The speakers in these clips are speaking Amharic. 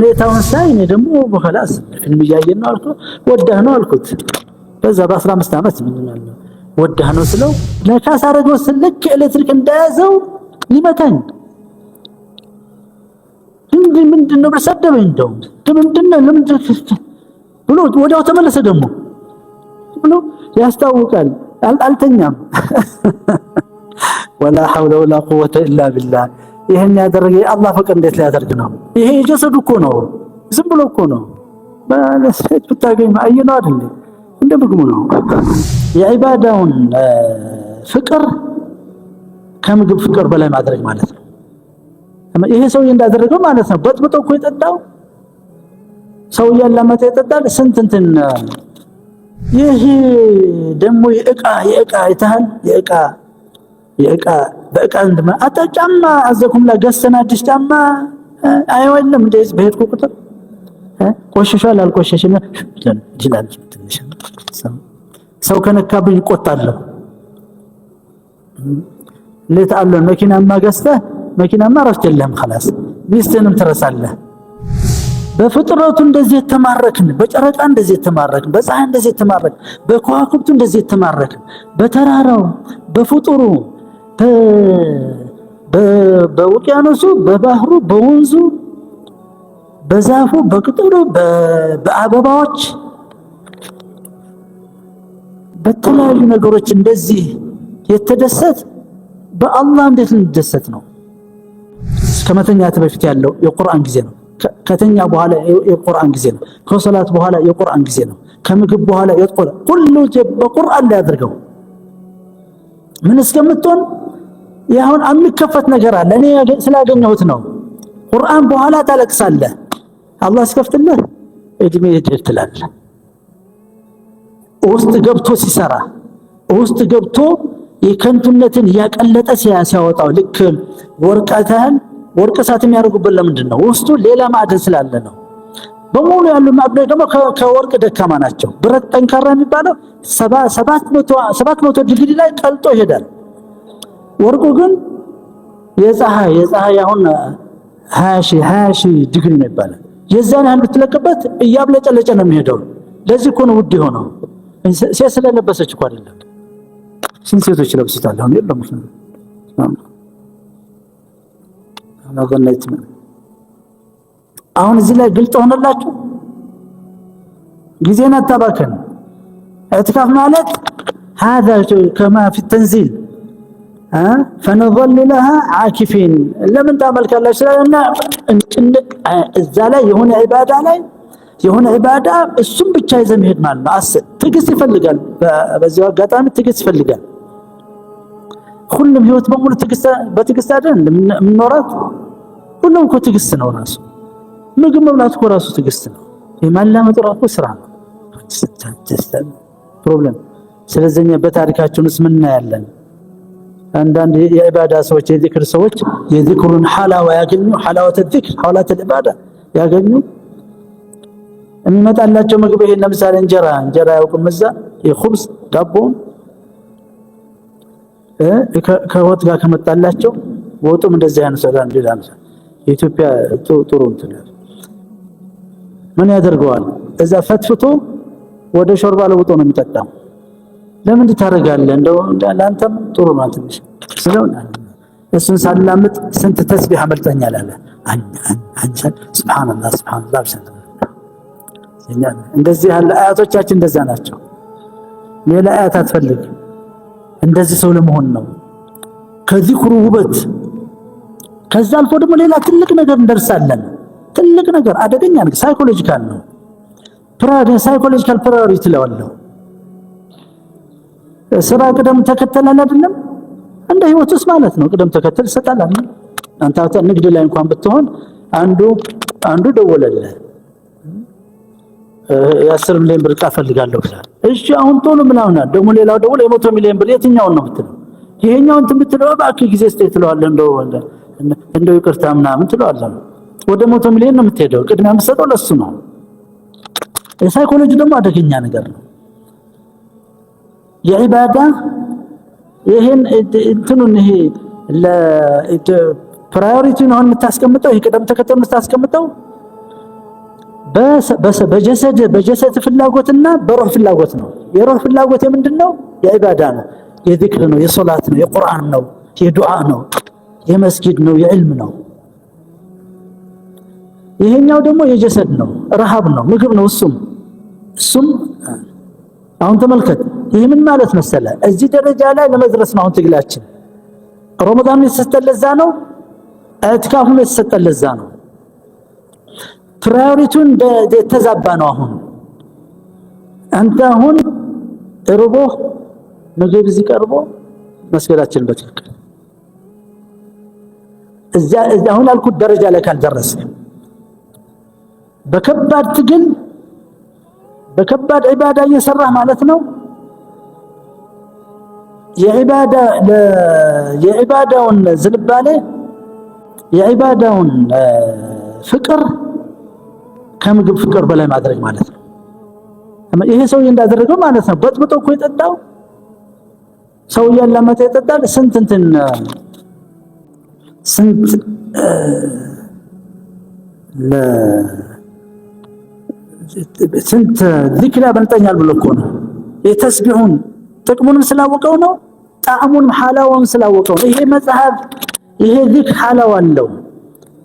ሁኔታውን ሳይ እኔ ደግሞ በኋላ ፊልም እያየን ነው አልኩት። ወዳህ ነው አልኩት። በዛ በአስራ አምስት ዓመት ምንናለ ወዳህ ነው ስለው ለካስ አረገው ስልክ ኤሌክትሪክ እንደያዘው ሊመታኝ እንዲ ምንድን ነው ብሎ እንደው ምንድን ነው ለምንድን ብሎ ወዲያው ተመለሰ። ደግሞ ብሎ ያስታውቃል። አልተኛም። ወላ ሐውለ ወላ ቁወተ ኢላ ቢላህ ይህን ያደረገ የአላህ ፍቅር እንዴት ሊያደርግ ነው? ይሄ ጀሰዱ እኮ ነው፣ ዝም ብሎ እኮ ነው። በለስት ብታገኝ ማእየ ነው አይደል? እንደ ምግቡ ነው። የዒባዳውን ፍቅር ከምግብ ፍቅር በላይ ማድረግ ማለት ነው። ይሄ ሰውዬ እንዳደረገው ማለት ነው። በጥብጦ እኮ የጠጣው ሰው ያላመጠ ይጠጣል። ስንት እንትን ይህ ደግሞ የእቃ የእቃ ይተሃል የእቃ የእቃ በቀንድ አታ ጫማ አዘኩም ገዝተን አዲስ ጫማ አይሆንም። እንደዚህ በሄድኩ ቁጥር ቆሽሿል አልቆሸሽም ትላለች። ትንሽ ሰው ከነካብኝ እቆጣለሁ። ለታአለን መኪናማ ገዝተህ መኪናማ እረፍት የለህም። خلاص ሚስትህንም ትረሳለህ። በፍጥረቱ እንደዚህ የተማረክን፣ በጨረቃ እንደዚህ የተማረክን፣ በፀሐይ እንደዚህ የተማረክን፣ በከዋክብቱ እንደዚህ የተማረክን፣ በተራራው በፍጡሩ በውቅያኖሱ፣ በባህሩ፣ በወንዙ፣ በዛፉ፣ በቅጠሉ፣ በአበባዎች፣ በተለያዩ ነገሮች እንደዚህ የተደሰት በአላህ እንዴት እንደሰት ነው። ከመተኛት በፊት ያለው የቁርአን ጊዜ ነው። ከተኛ በኋላ የቁርአን ጊዜ ነው። ከሶላት በኋላ የቁርአን ጊዜ ነው። ከምግብ በኋላ የቁርአን ሁሉ በቁርአን ላይ አድርገው ምን እስከምትሆን ይሁን የሚከፈት ነገር አለ። እኔ ስላገኘሁት ነው። ቁርአን በኋላ ታለቅሳለህ፣ አላህ ሲከፍትልህ እድሜ ድር ትላለህ። ውስጥ ገብቶ ሲሰራ ውስጥ ገብቶ የከንቱነትን ያቀለጠ ሲያወጣው ልክ ወርቀትህን ወርቅ እሳት የሚያደርጉበት ለምንድን ነው? ውስጡ ሌላ ማዕድን ስላለ ነው። በሙሉ ያሉ ማዕድኖች ደግሞ ከወርቅ ደካማ ናቸው። ብረት ጠንካራ የሚባለው ሰባት መቶ ዲግሪ ላይ ቀልጦ ይሄዳል። ወርቁ ግን የፀሐይ የፀሐይ አሁን ሀያ ሺህ ሀያ ሺህ ዲግሪ ነው ይባላል። የዛን ያህል ብትለቅበት እያብለጨለጨ ነው የሚሄደው። ለዚህ እኮ ነው ውድ የሆነው። ሴት ስለለበሰች እኮ አይደለም። ስንት ሴቶች ለብሱታል። አሁን የለም አሁን እዚህ ላይ ግልጽ ሆነላችሁ። ጊዜን አታባከን። እትካፍ ማለት ሀዛ ከማ ፊ ተንዚል ፈነظል ለሃ ዓኪፊን ለምን ታመልካለች ስለና እዛ ላይ የሆነ ዒባዳ ላይ የሆነ ዒባዳ እሱም ብቻ ይዘ መሄድ ማለት ነው። አስብ ትዕግስት ይፈልጋል። በዚያው አጋጣሚ ትግስት ይፈልጋል። ሁሉም ህይወት በሙሉ በትግስት አይደል የምንኖራት? ሁሉም እኮ ትዕግስት ነው። ራሱ ምግብ መብላት እኮ ራሱ ትዕግስት ነው። የማላመጡ ራሱ ስራ ነው። ፕሮብለም ስለዚህ በታሪካችን ውስጥ ምን እናያለን? አንዳንድ የኢባዳ ሰዎች የዚክር ሰዎች የዚክሩን ሐላዋ ያገኙ ሐላወተ ዚክር ሐላወተ ኢባዳ ያገኙ የሚመጣላቸው ምግብ ይሄን ለምሳሌ እንጀራ እንጀራ ያውቁም እዛ የኹብዝ ዳቦ ከወጥ ጋር ከመጣላቸው ወጡም እንደዚህ ያነሰላል ይላል። የኢትዮጵያ ጥሩ እንትን ምን ያደርገዋል? እዛ ፈትፍቶ ወደ ሾርባ ለውጦ ነው የሚጠጣው። ለምን ታደርጋለህ? እንደው ለአንተም ጥሩ ነው ትንሽ ስለው እሱን ሳላምጥ ስንት ተስቢህ አመልጠኛል አለ። አንቻል ሱብሃንአላህ ሱብሃንአላህ ብቻ እንደዚህ ያለ አያቶቻችን እንደዛ ናቸው። ሌላ አያት አትፈልግም። እንደዚህ ሰው ለመሆን ነው ከዚክሩ ውበት። ከዛ አልፎ ደግሞ ሌላ ትልቅ ነገር እንደርሳለን። ትልቅ ነገር አደገኛ ነገር ሳይኮሎጂካል ነው። ሳይኮሎጂካል ፕራዮሪቲ ትለዋለሁ ስራ ቅደም ተከተለን አይደለም እንደ ህይወትስ ማለት ነው። ቅደም ተከተል ይሰጣል። አንተ አንተ ንግድ ላይ እንኳን ብትሆን አንዱ አንዱ ደወለልህ የአስር ሚሊዮን ብር ዕቃ እፈልጋለሁ ብላ እሺ፣ አሁን ቶሎ ምናምን ደግሞ ሌላው ደውሎ የመቶ ሚሊዮን ብር የትኛውን ነው ብትለው ይሄኛው እንትን ብትለው እባክህ ጊዜ ስጠኝ ትለዋለህ። እንደው እንደው ይቅርታ ምናምን ትለዋለህ። ወደ መቶ ሚሊዮን ነው የምትሄደው። ቅድሚያ የምትሰጠው ለሱ ነው። የሳይኮሎጂ ደግሞ አደገኛ ነገር ነው። የዒባዳ ይህን እንትኑን ይሄ ፕራዮሪቲውን አሁን የምታስቀምጠው ይሄ ቅደም ተከተሉን የምታስቀምጠው በጀሰድ በጀሰድ እና በሩህ ፍላጎት ነው። የሩህ ፍላጎት የምንድን ነው? የዒባዳ ነው፣ የዚክር ነው፣ የሶላት ነው፣ የቁርአን ነው፣ የዱዓ ነው፣ የመስጊድ ነው፣ የዕልም ነው። ይሄኛው ደግሞ የጀሰድ ነው፣ ረሃብ ነው፣ ምግብ ነው። እሱም እሱም አሁን ተመልከት ይህ ምን ማለት መሰለ? እዚህ ደረጃ ላይ ለመድረስ ነው አሁን ትግላችን። ረመዳን የተሰጠን ለዛ ነው። እትካፉም የተሰጠን ለዛ ነው። ፕራዮሪቲውን የተዛባ ነው። አሁን አንተ አሁን ርቦ ምግብ እዚህ ቀርቦ መስገዳችን በትክክል እዛ አሁን ያልኩት ደረጃ ላይ ካልደረሰ በከባድ ትግል በከባድ ዒባዳ እየሰራህ ማለት ነው የዒባዳውን ዝንባሌ የዒባዳውን ፍቅር ከምግብ ፍቅር በላይ ማድረግ ማለት ነው። ይሄ ሰውዬ እንዳደረገው ማለት ነው። በጥብጦ እኮ የጠጣው ሰው እያላመጠ የጠጣል። ስንት እንትን ስንት ስንት ዚክራ በልጠኛል ብሎ እኮ ነው የተስቢሑን ጥቅሙንም ስላወቀው ነው ጣዕሙን ሓላዋውን ስላወቀው ይሄ መጽሐፍ ይሄ ዚክር ሓላዋ አለው።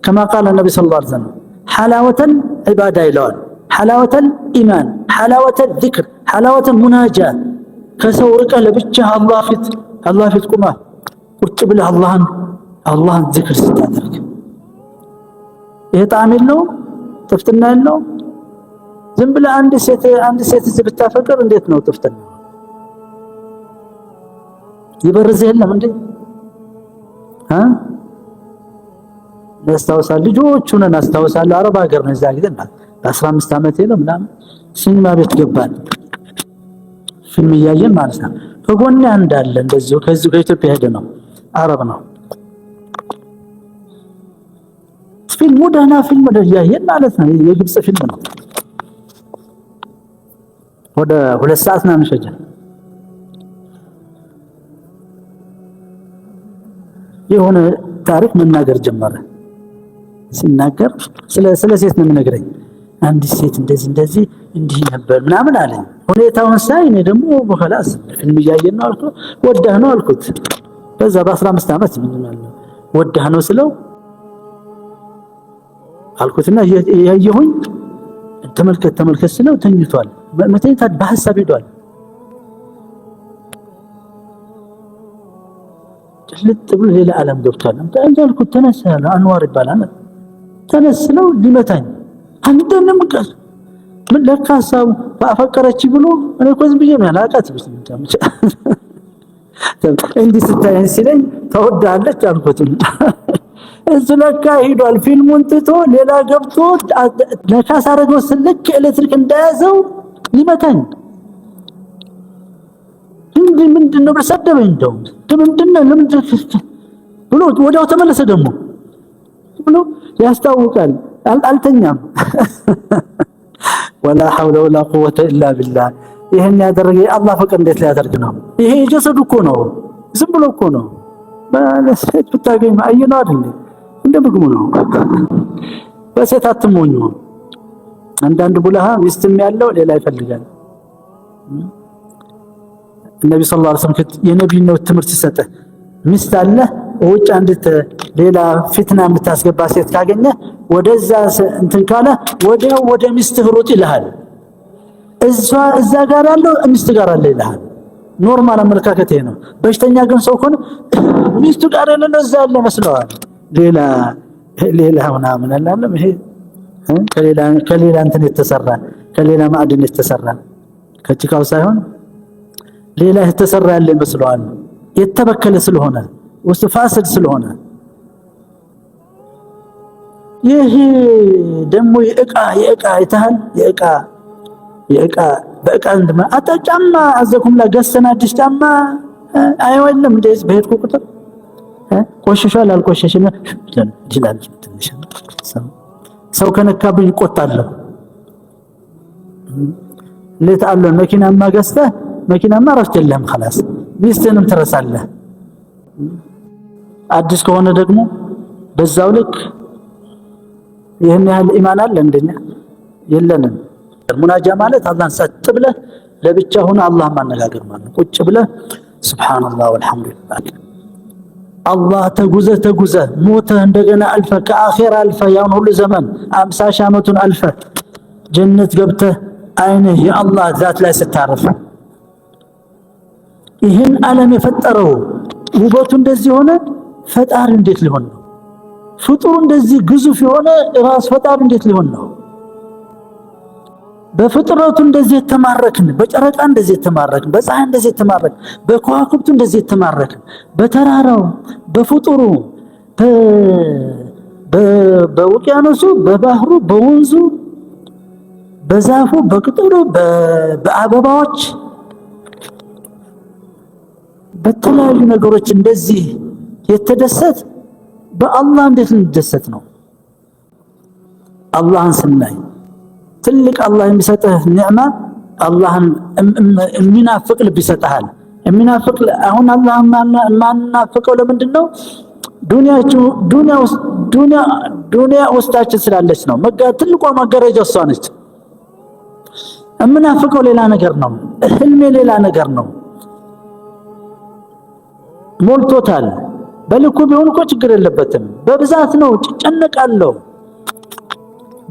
ከማ ቃለ ነቢ ስ ላ ሰለም ሓላወተን ዒባዳ ይለዋል። ሓላወተን ኢማን፣ ሓላወተን ዚክር፣ ሓላወተን ሙናጃ ከሰው ርቀ ለብቻ አላህ ፊት አላህ ፊት ቁማ ቁጭ ብለህ አላህን አላህን ዚክር ስታደርግ ይሄ ጣዕም የለው ጥፍትና የለው። ዝም ብለህ አንድ ሴት አንድ ሴት ብታፈቅር እንዴት ነው ጥፍትና ይበርዝ የለም እንዴ አ ልጆቹ ነን አስታውሳለሁ። አረብ ሀገር ነው እዛ ጊዜ በአስራ አምስት ዓመቴ ነው ምናምን ሲኒማ ቤት ገባን። ፊልም እያየን ማለት ነው። በጎን እንዳለ እንደዚሁ ከዚሁ ከኢትዮጵያ ሄደ ነው አረብ ነው ፊልሙ ደህና ፊልም እያየን ማለት ነው። የግብፅ ፊልም ነው። ወደ ሁለት ሰዓት ምናምን ሸጀን የሆነ ታሪክ መናገር ጀመረ። ሲናገር ስለ ሴት ነው የምነግረኝ። አንዲት ሴት እንደዚህ እንደዚህ እንዲህ ነበር ምናምን አለኝ። ሁኔታውን ሳይ እኔ ደግሞ በኋላስ ፊልም እያየን ነው አልኩ። ወዳህ ነው አልኩት። በዛ በአስራ አምስት ዓመት ምንለ ወዳህ ነው ስለው አልኩትና ያየሁኝ ተመልከት ተመልከት ስለው ተኝቷል። መተኝታት በሀሳብ ሄዷል። ጭልጥ ብሎ ሌላ ዓለም ገብቷል። እንዳልኩት ተነስ ያለ አንዋር ይባላል። ተነስ ስለው ሊመታኝ አንተንም ቀር ምን ለካ ሀሳቡ አፈቀረች ብሎ እኔ እኮ ዝም ብዬ ነው ያላቃት ብስ እንዲህ ስታይን ሲለኝ ተወዳለች አልኩት። እሱ ለካ ሂዷል። ፊልሙን ትቶ ሌላ ገብቶ ለካ ሳረገው ስልክ ኤሌክትሪክ እንዳያዘው ሊመታኝ ምንድን ምንድን ነው በሰደበኝ እንደው ምንድን ነው ለምን ብሎ ወዲያው ተመለሰ። ደግሞ ብሎ ያስታውቃል። አልተኛም። ወላ ሐውለ ወላ ቁወተ ኢላ ቢላህ። ይሄን ያደረገ የአላህ ፈቃድ እንዴት ሊያደርግ ነው? ይሄ የጀሰዱ እኮ ነው፣ ዝም ብሎ እኮ ነው። በሴት ብታገኝ አየ ነው አይደል? እንደ ምግቡ ነው። በሴት አትሞኙ። አንዳንድ ቡልሃ ሚስትም ያለው ሌላ ይፈልጋል። ነቢ ስ ላ ስለም የነቢይነት ትምህርት ሲሰጠ ሚስት አለ ውጭ አንዲት ሌላ ፊትና የምታስገባ ሴት ካገኘ ወደዛ እንትን ካለ ወዲያው ወደ ሚስትህ ሩጥ ይልሃል። እሷ እዛ ጋር ያለው ሚስት ጋር አለ ይልሃል። ኖርማል አመለካከት ይሄ ነው። በሽተኛ ግን ሰው ከሆነ ሚስቱ ጋር ያለው እዛ ያለ መስለዋል። ሌላ ሌላ ምናምን አላለም። ይሄ ከሌላ ከሌላ እንትን የተሰራ ከሌላ ማዕድን የተሰራ ከጭቃው ሳይሆን ሌላ የተሰራ ያለ ይመስለዋል። የተበከለ ስለሆነ ውስጥ ፋስድ ስለሆነ ይህ ደግሞ የእቃ የእቃ ይተሃል የእቃ የእቃ በእቃ እንደማ አታ ጫማ አዘኩም ላ ገሰን አዲስ ጫማ አይወልም እንደዚህ በሄድኩ ቁጥር ቆሸሻል አልቆሸሽም ይችላል። ሰው ከነካብኝ ይቆጣለሁ። እንዴት አለ መኪናማ ገዝተህ መኪናማ እረፍት የለህም። ኸላስ ሚስትህንም ትረሳለህ። አዲስ ከሆነ ደግሞ በዛው ልክ ይህን ያህል ኢማን አለ እንደኛ የለንም። ሙናጃ ማለት አላህን ሰጥ ብለህ ለብቻ ሆነ አላህ ማነጋገር ማለት ቁጭ ብለህ ሱብሃንአላህ ወልሐምዱሊላህ አላህ ተጉዘ ተጉዘ ሞተ እንደገና አልፈ ከአኼራ አልፈ ያን ሁሉ ዘመን አምሳ ሺህ ዓመቱን አልፈ ጀነት ገብተህ አይንህ የአላህ ዛት ላይ ስታረፍ ይህን ዓለም የፈጠረው ውበቱ እንደዚህ ሆነ፣ ፈጣሪ እንዴት ሊሆን ነው? ፍጡሩ እንደዚህ ግዙፍ የሆነ ራስ ፈጣሪ እንዴት ሊሆን ነው? በፍጥረቱ እንደዚህ የተማረክን፣ በጨረቃ እንደዚህ የተማረክን፣ በፀሐይ እንደዚህ የተማረክን፣ በከዋክብቱ እንደዚህ የተማረክን፣ በተራራው፣ በፍጡሩ፣ በውቅያኖሱ፣ በባህሩ፣ በወንዙ፣ በዛፉ፣ በቅጠሉ፣ በአበባዎች በተለያዩ ነገሮች እንደዚህ የተደሰት በአላህ እንዴት ልንደሰት ነው? አላህን ስናይ ትልቅ አላህ የሚሰጥህ ኒዕማ አላህን የሚናፍቅ ልብ ይሰጥሃል። የሚናፍቅ አሁን አላህ ማናፍቀው ለምንድን ነው? ዱንያ ውስጣችን ስላለች ነው። ትልቋ መጋረጃ እሷ ነች። የምናፍቀው ሌላ ነገር ነው። ህልሜ ሌላ ነገር ነው። ሞልቶታል። በልኩ ቢሆን እኮ ችግር የለበትም። በብዛት ነው ጨነቃለሁ።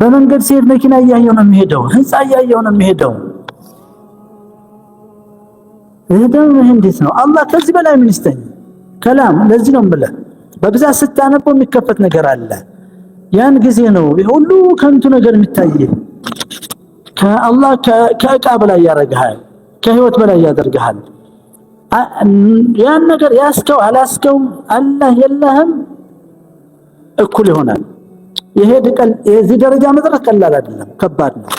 በመንገድ ሲሄድ መኪና እያየው ነው የሚሄደው፣ ህንፃ እያየው ነው የሚሄደው። ይሄደው ይሄ እንዴት ነው? አላህ ከዚህ በላይ ምን ይስጠኝ? ከላም ለዚህ ነው ብለ በብዛት ስታነቦ የሚከፈት ነገር አለ። ያን ጊዜ ነው ሁሉ ከንቱ ነገር የሚታይ። ከአላህ ከእቃ በላይ ያደርግሃል፣ ከህይወት በላይ ያደርግሃል። ያን ነገር ያስከው አላስከው አላህ የለህም እኩል ይሆናል። ይሄ የዚህ ደረጃ መድረስ ቀላል አይደለም፣ ከባድ ነው።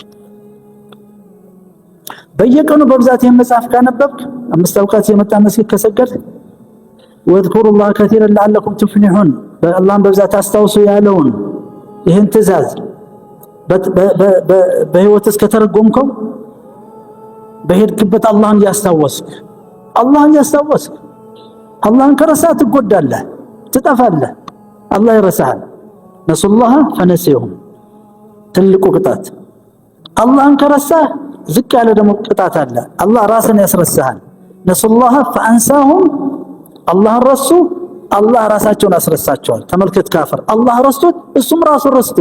በየቀኑ በብዛት ይህን መጽሐፍ ካነበብክ አምስት አውቃት የመጣ መስጊድ ከሰገድ ወዝኩሩላህ ከቲረን ለዓለኩም ትፍሊሑን በአላህን በብዛት አስታውሱ ያለውን ይህን ትእዛዝ በህይወት እስከተረጎምከው በሄድክበት አላህን እያስታወስክ አላህን ያስታወስክ አላህን ከረሳ ትጎዳለህ፣ ትጠፋለህ። አላህ ይረሳሃል። ነሱላህ ፈነሲሁም ትልቁ ቅጣት። አላህን ከረሳ ዝቅ ያለ ደግሞ ቅጣት አለ። አላህ ራስን ያስረሳሃል። ነሱላህ ፈአንሳሁም አላህን ረሱ፣ አላህ ራሳቸውን አስረሳቸዋል። ተመልከት፣ ካፍር አላህ ረስቶት እሱም ራሱን ረስቶ